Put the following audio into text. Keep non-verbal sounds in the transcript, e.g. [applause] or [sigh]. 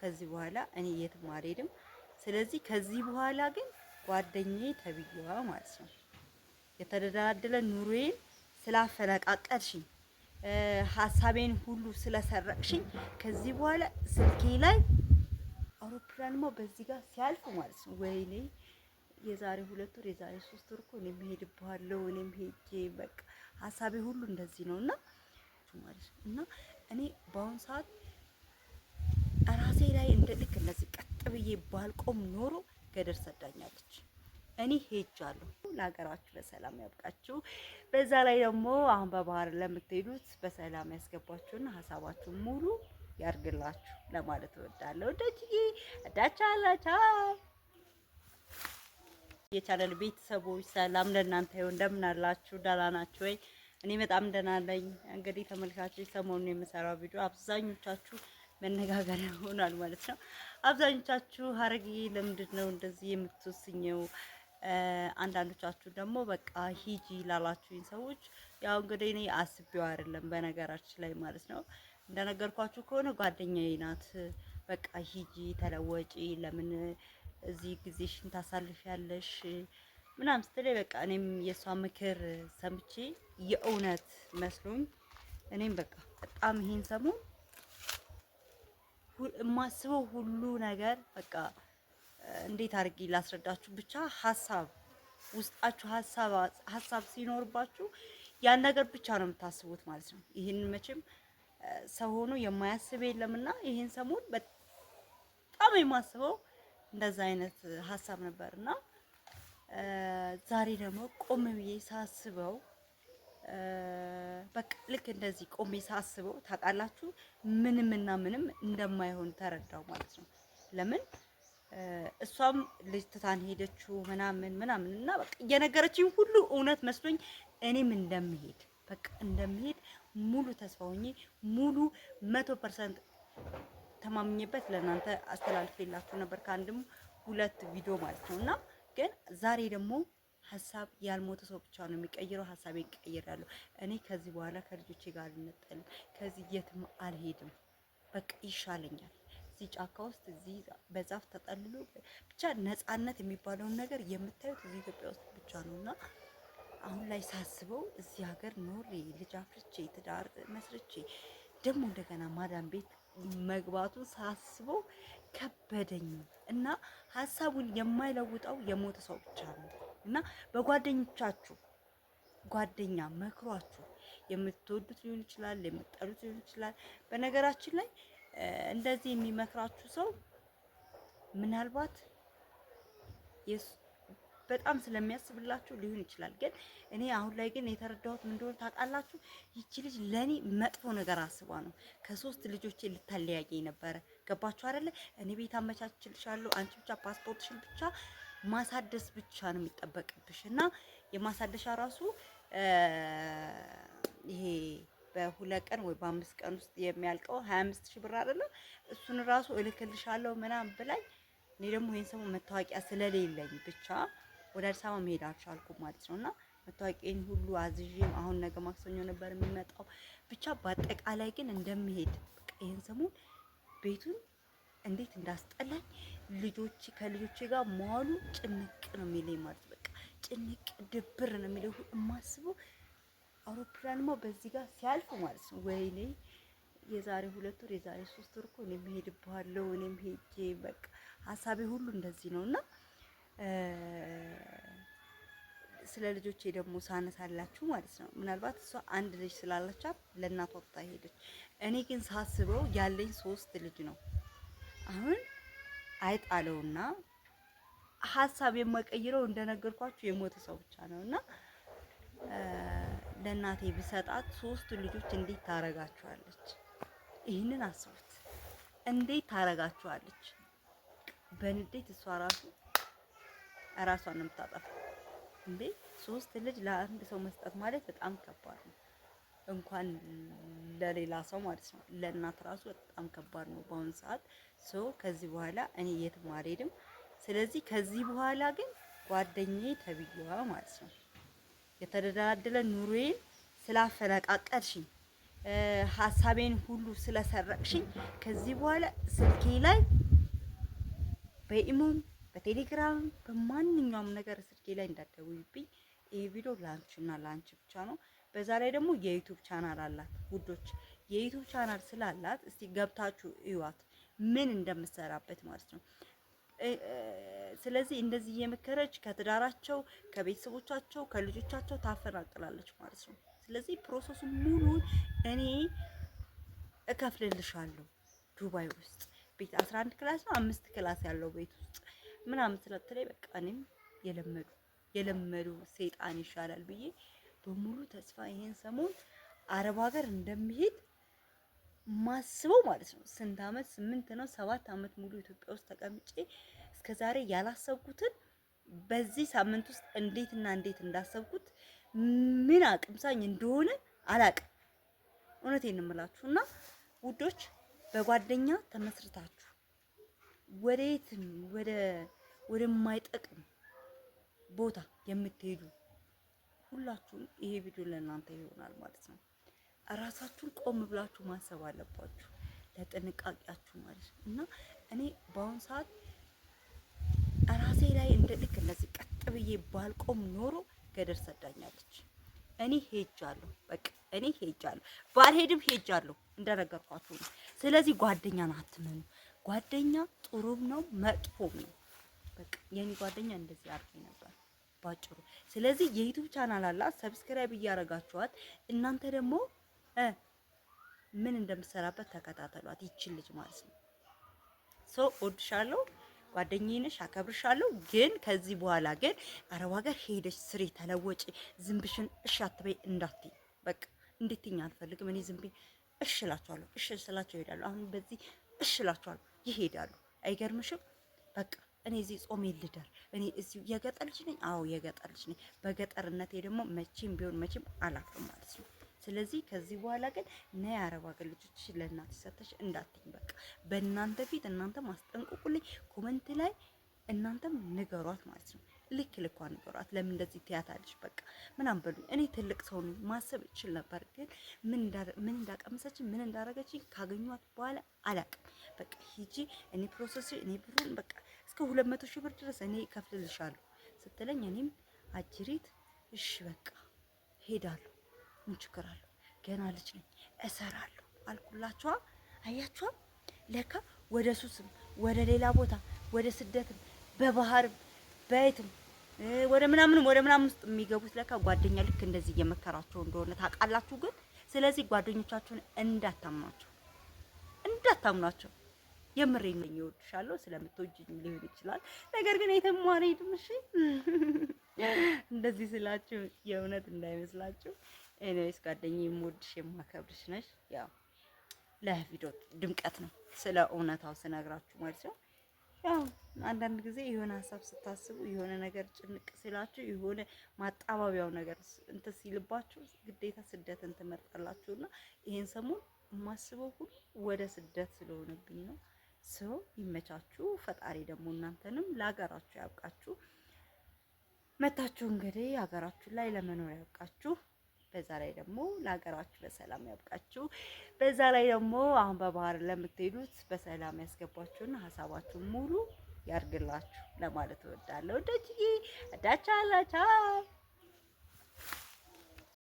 ከዚህ በኋላ እኔ የትም አልሄድም። ስለዚህ ከዚህ በኋላ ግን ጓደኛዬ ተብዬዋ ማለት ነው የተደላደለ ኑሮዬን ስላፈነቃቀልሽኝ ሀሳቤን ሁሉ ስለሰረቅሽኝ ከዚህ በኋላ ስልኬ ላይ አውሮፕላንማ በዚህ ጋር ሲያልፍ ማለት ነው ወይኔ የዛሬ ሁለት ወር የዛሬ ሶስት ወር እኮ እኔም ሄድብሃለሁ እኔም ሄጄ በቃ ሀሳቤ ሁሉ እንደዚህ ነው እና እና እኔ በአሁኑ ሰዓት ራሴ ላይ እንደ ልክ እንደዚህ ቀጥ ብዬ ባልቆም ኖሮ ገደር ሰዳኛለች። እኔ ሄጃለሁ። ለሀገራችሁ በሰላም ያብቃችሁ። በዛ ላይ ደግሞ አሁን በባህር ለምትሄዱት በሰላም ያስገባችሁና ሀሳባችሁን ሙሉ ያርግላችሁ ለማለት እወዳለሁ። እዳችዬ እዳቻላቻ የቻለል ቤተሰቦች ሰላም ለእናንተ ይሁን። እንደምን አላችሁ? ደህና ናችሁ ወይ? እኔ በጣም ደህና ነኝ። እንግዲህ ተመልካቾች ሰሞኑን የምሰራው ቪዲዮ አብዛኞቻችሁ መነጋገሪያ [laughs] ሆኗል ማለት ነው። አብዛኞቻችሁ ሀረግዬ ለምንድን ነው እንደዚህ የምትወስኘው? አንዳንዶቻችሁ ደግሞ በቃ ሂጂ ላላችሁኝ ሰዎች ያው እንግዲህ እኔ አስቤው አይደለም በነገራችን ላይ ማለት ነው። እንደነገርኳችሁ ከሆነ ጓደኛዬ ናት። በቃ ሂጂ ተለወጪ፣ ለምን እዚህ ጊዜሽን ታሳልፊያለሽ? ምናምን ስትለኝ በቃ እኔም የእሷ ምክር ሰምቼ የእውነት መስሎኝ እኔም በቃ በጣም ይሄን ሰሞን የማስበው ሁሉ ነገር በቃ እንዴት አድርጌ ላስረዳችሁ፣ ብቻ ሀሳብ ውስጣችሁ ሀሳብ ሲኖርባችሁ ያን ነገር ብቻ ነው የምታስቡት ማለት ነው። ይህን መቼም ሰው ሆኖ የማያስብ የለምና ይህን ሰሞን በጣም የማስበው እንደዛ አይነት ሀሳብ እና ዛሬ ደግሞ ቆም ብዬ ሳስበው በቃ ልክ እንደዚህ ቆሜ ሳስበው ታውቃላችሁ፣ ምንም እና ምንም እንደማይሆን ተረዳው ማለት ነው። ለምን እሷም ልጅ ትታን ሄደችው ምናምን ምናምን እና በቃ እየነገረችኝ ሁሉ እውነት መስሎኝ እኔም እንደምሄድ በቃ እንደምሄድ ሙሉ ተስፋ ሆኜ ሙሉ መቶ ፐርሰንት ተማምኜበት ለእናንተ አስተላልፌላችሁ ነበር ከአንድም ሁለት ቪዲዮ ማለት ነው እና ግን ዛሬ ደግሞ ሀሳብ ያልሞተ ሰው ብቻ ነው የሚቀይረው። ሀሳብ ይቀይራሉ። እኔ ከዚህ በኋላ ከልጆቼ ጋር አልነጠልም፣ ከዚህ የትም አልሄድም፣ በቃ ይሻለኛል። እዚህ ጫካ ውስጥ እዚህ በዛፍ ተጠልሎ ብቻ ነጻነት የሚባለውን ነገር የምታዩት እዚህ ኢትዮጵያ ውስጥ ብቻ ነው እና አሁን ላይ ሳስበው እዚህ ሀገር ኖሬ ልጅ አፍርቼ ትዳር መስርቼ ደግሞ እንደገና ማዳም ቤት መግባቱ ሳስበው ከበደኝ እና ሀሳቡን የማይለውጠው የሞተ ሰው ብቻ ነው። እና በጓደኞቻችሁ ጓደኛ መክሯችሁ የምትወዱት ሊሆን ይችላል፣ የምትጠሉት ሊሆን ይችላል። በነገራችን ላይ እንደዚህ የሚመክራችሁ ሰው ምናልባት በጣም ስለሚያስብላችሁ ሊሆን ይችላል። ግን እኔ አሁን ላይ ግን የተረዳሁት ምን እንደሆነ ታውቃላችሁ? ይቺ ልጅ ለእኔ መጥፎ ነገር አስባ ነው ከሶስት ልጆቼ ልታለያየኝ ነበረ። ገባችሁ አይደለ? እኔ ቤት አመቻችልሻለሁ፣ አንቺ ብቻ ፓስፖርትሽን ብቻ ማሳደስ ብቻ ነው የሚጠበቅብሽ እና የማሳደሻ ራሱ ይሄ በሁለት ቀን ወይ በአምስት ቀን ውስጥ የሚያልቀው ሀያ አምስት ሺህ ብር አይደለ? እሱን ራሱ እልክልሻለሁ ምናምን ብላኝ እኔ ደግሞ ይህን ሰሞን መታወቂያ ስለሌለኝ ብቻ ወደ አዲስ አበባ መሄድ አልቻልኩም ማለት ነው እና መታወቂያን ሁሉ አዝዤም አሁን ነገ ማክሰኞ ነበር የሚመጣው። ብቻ በአጠቃላይ ግን እንደምሄድ ይህን ሰሞን ቤቱን እንዴት እንዳስጠላኝ ልጆች ከልጆች ጋር መዋሉ ጭንቅ ነው የሚለኝ ማለት በቃ ጭንቅ ድብር ነው የሚለው የማስበው። አውሮፕላንማ በዚህ ጋር ሲያልፍ ማለት ነው ወይኔ የዛሬ ሁለት ወር የዛሬ ሶስት ወር እኮ እኔም ሄድብሃለሁ እኔም ሄጄ በቃ ሀሳቤ ሁሉ እንደዚህ ነው እና ስለ ልጆቼ ደግሞ ሳነሳላችሁ ማለት ነው። ምናልባት እሷ አንድ ልጅ ስላለቻት ለእናቷ ትታ ሄደች። እኔ ግን ሳስበው ያለኝ ሶስት ልጅ ነው። አሁን አይጣለውና ሀሳብ የማቀይረው እንደነገርኳችሁ የሞተ ሰው ብቻ ነው እና ለእናቴ ብሰጣት ሶስት ልጆች እንዴት ታረጋችኋለች? ይህንን አስቡት። እንዴት ታረጋችኋለች? በንዴት እሷ ራሱ ራሷን ነው የምታጠፋው። እንዴ ሶስት ልጅ ለአንድ ሰው መስጠት ማለት በጣም ከባድ ነው። እንኳን ለሌላ ሰው ማለት ነው ለእናት ራሱ በጣም ከባድ ነው በአሁኑ ሰዓት። ሶ ከዚህ በኋላ እኔ የትም አልሄድም። ስለዚህ ከዚህ በኋላ ግን ጓደኛዬ ተብዬዋ ማለት ነው የተደላደለ ኑሮዬን ስላፈነቃቀልሽኝ ሀሳቤን ሁሉ ስለሰረቅሽኝ ከዚህ በኋላ ስልኬ ላይ በኢሞም በቴሌግራም በማንኛውም ነገር ስልኬ ላይ እንዳትደውይብኝ። ይህ ቪዲዮ ለአንቺና ለአንቺ ብቻ ነው። በዛ ላይ ደግሞ የዩቱብ ቻናል አላት ውዶች። የዩቱብ ቻናል ስላላት እስቲ ገብታችሁ እዩዋት ምን እንደምሰራበት ማለት ነው። ስለዚህ እንደዚህ እየመከረች ከትዳራቸው፣ ከቤተሰቦቻቸው፣ ከልጆቻቸው ታፈናቅላለች ማለት ነው። ስለዚህ ፕሮሰሱ ሙሉ እኔ እከፍልልሻለሁ ዱባይ ውስጥ ቤት 11 ክላስ ነው አምስት ክላስ ያለው ቤት ውስጥ ምናምን ስለተለይ በቃ እኔም የለመዱ የለመዱ ሰይጣን ይሻላል ብዬ በሙሉ ተስፋ ይሄን ሰሞን አረብ ሀገር እንደሚሄድ ማስበው ማለት ነው። ስንት አመት ስምንት ነው ሰባት አመት ሙሉ ኢትዮጵያ ውስጥ ተቀምጬ ዛሬ ያላሰብኩትን በዚህ ሳምንት ውስጥ እንዴትና እንዴት እንዳሰብኩት ምን አቅም ሳኝ እንደሆነ አላቅም። እውነቴን እምላችሁ እና ውዶች በጓደኛ ተመስርታችሁ ወደ የትም ወደ ወደማይጠቅም ቦታ የምትሄዱ ሁላችሁም ይሄ ቪዲዮ ለእናንተ ይሆናል ማለት ነው። ራሳችሁን ቆም ብላችሁ ማሰብ አለባችሁ ለጥንቃቄያችሁ ማለት ነው። እና እኔ በአሁኑ ሰዓት ራሴ ላይ እንደ ልክ እንደዚህ ቀጥ ብዬ ባልቆም ኖሮ ገደር ሰዳኛለች። እኔ ሄጃለሁ፣ በቃ እኔ ሄጃለሁ፣ ባልሄድም ሄጃለሁ እንደነገርኳችሁ ነው። ስለዚህ ጓደኛ ናትምኑ ጓደኛ ጥሩም ነው መጥፎም ነው። በቃ የኔ ጓደኛ እንደዚህ አድርጎ ነበር። ባጭሩ። ስለዚህ የዩቱብ ቻናል አላት፣ ሰብስክራይብ እያረጋችኋት እናንተ ደግሞ ምን እንደምትሰራበት ተከታተሏት። ይችን ልጅ ማለት ነው። ሶ እወድሻለሁ፣ ጓደኛዬ ነሽ፣ አከብርሻለሁ። ግን ከዚህ በኋላ ግን አረብ ሀገር ሄደሽ ስሪ፣ ተለወጪ፣ ዝንብሽን እሺ አትበይ እንዳትይ። በቃ እንድትይኝ አልፈልግም እኔ ዝንብ እሺ እላቸዋለሁ። እሺ ስላቸው ይሄዳሉ። አሁን በዚህ እሺ እላቸዋለሁ፣ ይሄዳሉ። አይገርምሽም? በቃ እኔ እዚህ ጾሜ ልደር። እኔ እዚህ የገጠር ልጅ ነኝ። አዎ የገጠር ልጅ ነኝ። በገጠርነቴ ደግሞ መቼም ቢሆን መቼም አላፍርም ማለት ነው። ስለዚህ ከዚህ በኋላ ግን ነ የአረብ ሀገር ልጆች ለእናት ሰተሽ እንዳትኝ። በቃ በእናንተ ፊት እናንተም አስጠንቅቁልኝ። ኮመንት ላይ እናንተም ንገሯት ማለት ነው። ልክ ልኳ ንገሯት። ለምን እንደዚህ ትያታለሽ? በቃ ምናምን በሉኝ። እኔ ትልቅ ሰው ነኝ ማሰብ እችል ነበር፣ ግን ምን እንዳቀመሰች ምን እንዳረገች ካገኟት በኋላ አላቅም። በቃ ሂጂ እኔ ፕሮሰስ እኔ ብሩን በቃ እስከ 200 ሺህ ብር ድረስ እኔ ከፍልልሻለሁ ስትለኝ እኔም አጅሪት እሺ በቃ ሄዳለሁ፣ ምን ችግር አለው? ገና ልጅ ነኝ እሰራለሁ አልኩላቸዋ አያችኋ፣ ለካ ወደ ሱስም ወደ ሌላ ቦታ ወደ ስደትም በባህርም በየትም ወደ ምናምንም ወደ ምናምን ውስጥ የሚገቡት ለካ ጓደኛ ልክ እንደዚህ እየመከራቸው እንደሆነ ታውቃላችሁ። ግን ስለዚህ ጓደኞቻችሁን እንዳታምኗቸው እንዳታምኗቸው የምሬን ነው። እወድሻለሁ ስለምትወጂኝ ሊሆን ይችላል። ነገር ግን የትም አልሄድም። እሺ [laughs] እንደዚህ ስላችሁ የእውነት እንዳይመስላችሁ። ኤኒዌይስ ጓደኛዬ፣ የምወድሽ የማከብርሽ ነሽ። ያው ለቪዲዮ ድምቀት ነው ስለ እውነታው ስነግራችሁ ማለት ነው። ያው አንዳንድ ጊዜ የሆነ ሀሳብ ስታስቡ የሆነ ነገር ጭንቅ ሲላችሁ የሆነ ማጣባቢያው ነገር እንትን ሲልባችሁ ግዴታ ስደትን ትመርጣላችሁና ይሄን ሰሞን የማስበው ሁሉ ወደ ስደት ስለሆነብኝ ነው። ሰው ይመቻችሁ። ፈጣሪ ደግሞ እናንተንም ለሀገራችሁ ያብቃችሁ። መታችሁ እንግዲህ ሀገራችሁ ላይ ለመኖር ያብቃችሁ። በዛ ላይ ደግሞ ለሀገራችሁ በሰላም ያብቃችሁ። በዛ ላይ ደግሞ አሁን በባህር ለምትሄዱት በሰላም ያስገባችሁና ሀሳባችሁን ሙሉ ያርግላችሁ ለማለት እወዳለሁ። ደጅዬ ዳቻ ላቻ